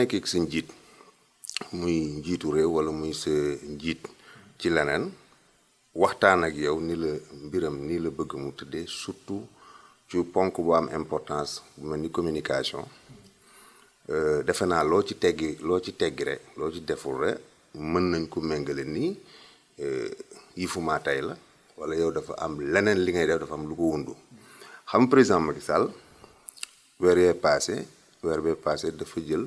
nekkee sa njiit muy njiitu réew wala muy sa njiit ci leneen waxtaan ak yow ni la mbiram nii la bëgg mu tëddee surtout ci ponk bu am importance bu mel ni communication euh, defe naa loo ci teggi loo ci teggi rek loo ci deful rek mën nañ ko méngale nii euh, yifu maa tey la wala yow dafa am leneen li ngay def dafa am lu ko wundu xam président Macky Sall weer yee passé weer bee passé dafa jël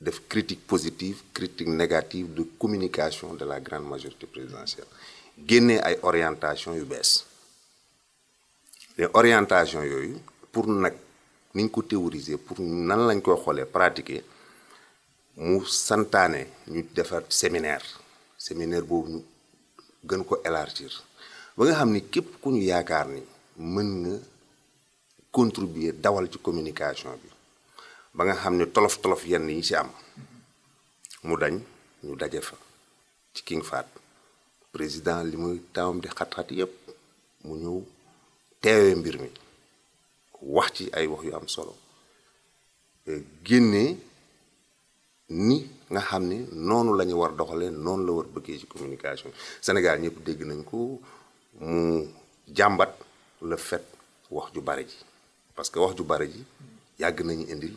des critiques positives, critiques négatives, de communication de la grande majorité présidentielle génnee ay orientation yu les orientations pour nous, théoriser pour nous pratiquer mu santaane ñu defar séminaire séminaire pour nous gën ko élargir ba nga xam ni képp ku ñu ni contribuer à la communication ba nga xam ne tolof tolof yenn yi ci am mu dañ ñu daje fa ci king faat président li muy taawam di xat-xat yépp mu ñëw teewee mbir mi wax ci ay wax yu am solo Gini ni nga xam ne noonu war doxalee non la war bëggee ci communication sénégal ñëpp dégg nañ ko mu jambat le fait wax ju bari ji parce que wax ju bari ji yàgg nañu indil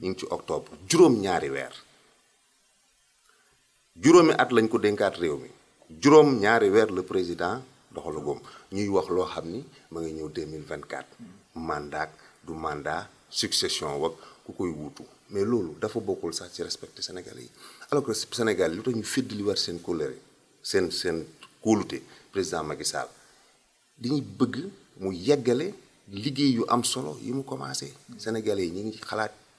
ñu ngi ci octobre juróom-ñaari weer juróomi at lañ ko dénkaat réew mi juróom-ñaari weer la président doxalu góom ñuy wax loo xam ni mu ngi ñëw 2024 mandat du mandat succession wak ku koy wuutu mais loolu dafa bokkul sax ci respecté Sénégalais yi alors que Sénégal lu tax ñu fidd li war seen kóllëre seen seen kóolute président Macky Sall dañuy bëgg mu yeggale liggéey yu am solo yi mu commencé Sénégalais yi ñu ngi xalaat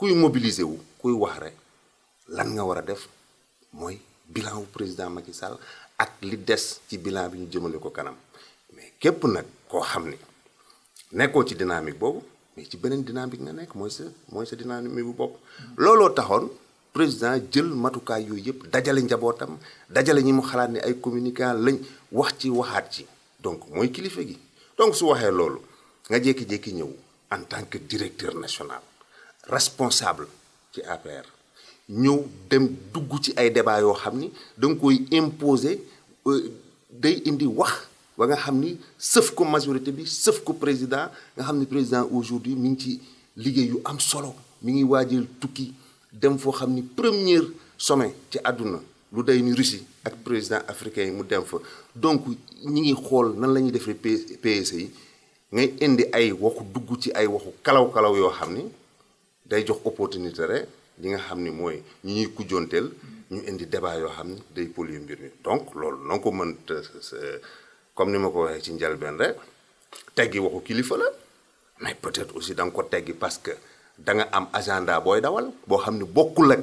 kuy mobiliser wu kuy wax rek lan nga war a def mooy bilan wu président Macky Sall ak li des ci bilan bi ñu jëmale ko kanam mais képp nag koo xam ni ci dynamique boobu mais ci beneen dynamique nga nekk mooy sa mooy sa dynamique bu bopp looloo taxoon président jël matukaay yooyu yëpp dajale njabootam dajale ñi mu xalaat ni ay communicant lañ wax ci waxaat ci donc mooy kilifa gi donc su waxee loolu nga en tant que directeur national responsable ci APR ñeu dem dugg ci ay débat yo imposer euh, indi wax ba majorité bi président nga président aujourd'hui mi ngi yu am solo mi ngi premier sommet ci aduna lu day ni président africain donc ñi ngi nan yi ngay indi ay waxu dugg ci ay waxu kalaw-kalaw day jox opportunité ré li nga xamni moy mooy ñi ñuy ñu indi débat yo xam day polluer mbir ni donc lool na nga ko mën comme ni ma ko waxee ci njëlbeen rek téggi waxu kilifa la mais peut-être aussi da nga ko parce que da nga am agenda boy dawal bo xamni ni bokkul ak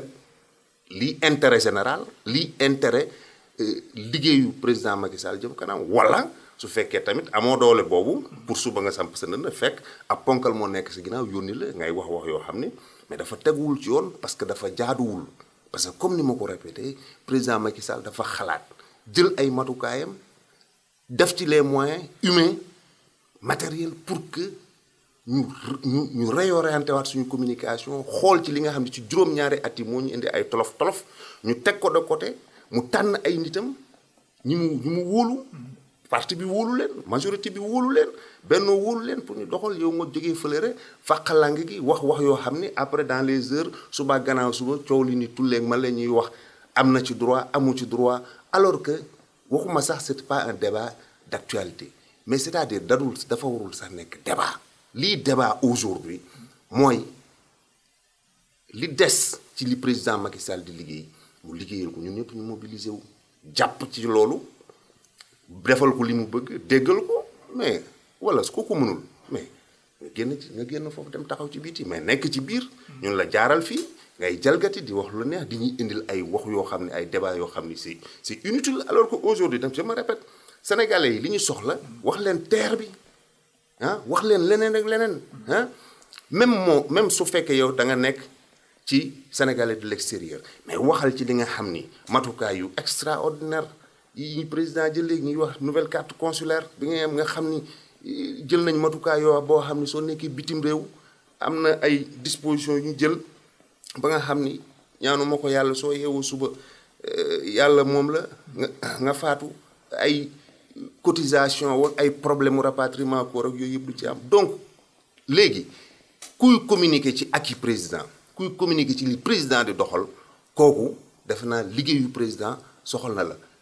lii intérêt général li intérêt euh, liggéeyu président Macky Sall jëm kanam wala su fekkee tamit amoo doole boobu pour suba nga samp sa ndënd fekk ab ponkal moo nekk si ginnaaw yónni la ngay wax wax yoo xam ni mais dafa teguwul ci yoon parce que dafa jaaduwul parce que comme ni ma ko répété président Macky Sall dafa xalaat jël ay matukaayam def ci les moyens humains matériel pour que ñu ñu ñu réorienté waat suñu communication xool ci li nga xam ne ci juróom-ñaari at yi moo ñu indi ay tolof tolof ñu teg ko de côté mu tànn ay nitam ñi mu ñi mu wóolu parti bi wóolu leen majorité bi wóolu leen benn wóolu leen pour ñu doxal yow nga jógee fële rek fàqalang gi wax wax yoo xam ni après dans les heures suba gannaaw suba coow li ni tulleeg ma la ñuy wax am na ci droit amu ci droit alors que waxuma sax c'est pas un débat d'actualité mais c'est-à-dire dadul dafa warul sax nekk débat lii débat aujourd'hui mooy li des ci li président Macky Sall di liggéey mu liggéeyal ko ñun ñëpp ñu mobiliser wu jàpp ci loolu defal ko limu bëgg déggal ko mais wala ko ko mënul mais génn ci nga génn foofu dem taxaw ci biti mais nekk ci biir ñun la jaaral fii ngay jalgati di wax lu neex di ñuy indil ay wax yoo xam ne ay débat yoo xam ne c'est c'est inutile alors que aujourd'hui dem je me répète sénégalais yi li ñu soxla wax leen terre bi ah wax leen leneen ak leneen ah même moo même su fekkee yow da nga nekk ci sénégalais de l'extérieur mais waxal ci li nga xam ni yu extraordinaire yi président jël léegi ñuy wax nouvelle carte consulaire bi nga am nga xam ni jël nañ matukaay yoo boo xam ni soo nekkee bitim réew am na ay dispositions ñu jël ba nga xam ni ñaanu ma ko yàlla soo yeewoo suba euh, yàlla moom la nga faatu ay cotisation wala ay problème mu rapatriement ko rek yooyu yëpp du ci am donc léegi kuy communiquer ci ak président kuy communiquer ci li président di doxal kooku defe naa liggéeyu président soxal na la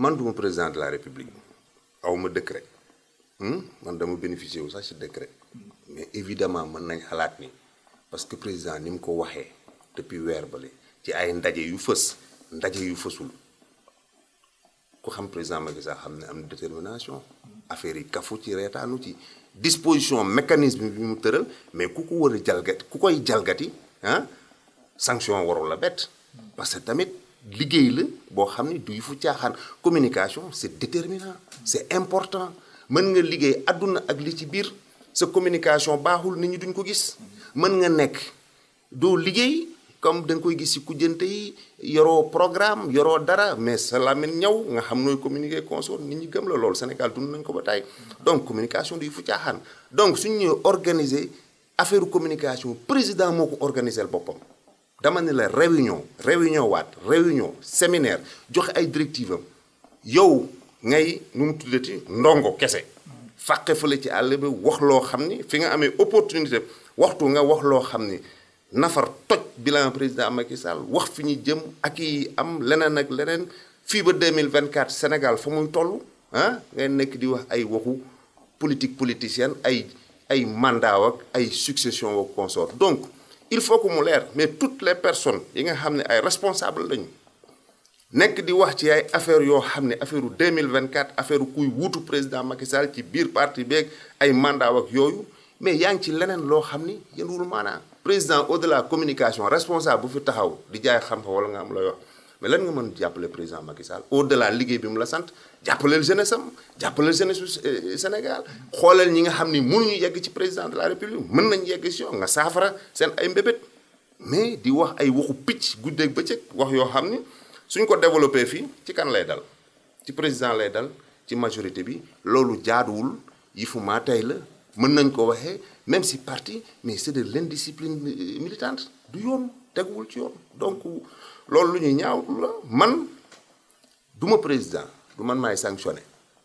man du président de la république awuma décret décret hmm? man dama bénéficier wu sax décret mais évidemment man nañ xalaat ni parce que président nim ko waxé depuis weer bale ci ay ndaje yu feuss ndaje yu fësul ko xam président Macky Sall xam ne am détermination affaire yi kafu ci reetaanu ci disposition mécanisme bi mu tëral mais ku ko war a jalgati ku koy jalgati ah sanction warul la bête. parce que tamit liggéey la bo xam du fu communication c'est déterminant c'est important mën nga liggéey aduna ak li ci bir sa communication baaxul nit ñi duñ ko gis mën nga nek do liggéey comme dang koy gis ci kujjante yi programme yoro dara mais sa làmmiñ ñaw nga xam noy communiquer consort nit ñi gëm la lool Sénégal dund nañ ko ba donc communication du fu donc suñu organisé organiser affaire communication président moko organiser boppam dama ne la réunion réunion waat réunion séminaire joxe ay directive am yow ngay nu mu tuddati ndongo kese fàqe fa ci àll bi wax loo xam ni fi nga amee opportunité waxtu nga wax loo xam ni nafar toj bilan président Macky Sall wax fi ñu jëm ak yi am leneen ak leneen fii ba 2024 Sénégal fa muy toll ah ngay nekk di wax ay waxu politique politicienne ay ay mandat ak ay succession ak consort donc il faut que nous mais toutes les personnes yi nga xam ne ay responsable lañu nekk di wax ci ay affaire 2024 affaire kuy le président Macky Sall ci biir parti beeg ay mandat ak mais yaa ngi ci leneen loo xam ni président au-delà communication responsable bu fi taxaw di jaay xam-xam wala nga am mais lan nga mën jàppale président Macky Sall au delà liggéey bi mu la sant jàppaleel jeunesse am jàppaleel jeunesse su euh, Sénégal xoolal ñi nga xam ni ñu yegg ci président de la république mën nañ yegg si yow nga saafara seen ay mbébét mais di wax ay waxu picc guddeeg bëccëg wax yoo xam ni suñ ko développé fii ci kan lay dal ci président lay dal ci majorité bi loolu jaaduwul yi fu maa tey la mën nañ ko waxee même si parti mais c'est de l'indiscipline euh, militante du yoon teguwul ci yoon donc loolu lu ñuy ñaawlu la man du ma président du man maay sanctionné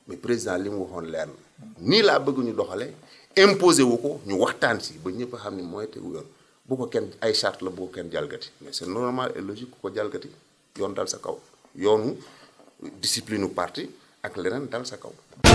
mais président li mu waxoon leer na nii laa bëgg ñu doxale imposé wu ko ñu waxtaan si ba ñëpp xam ni mooy tegu yoon bu ko kenn ay charte la bu ko kenn jalgati mais c'est normal et logique ku ko jalgati yoon dal sa kaw yoonu discipline u parti ak leneen dal sa kaw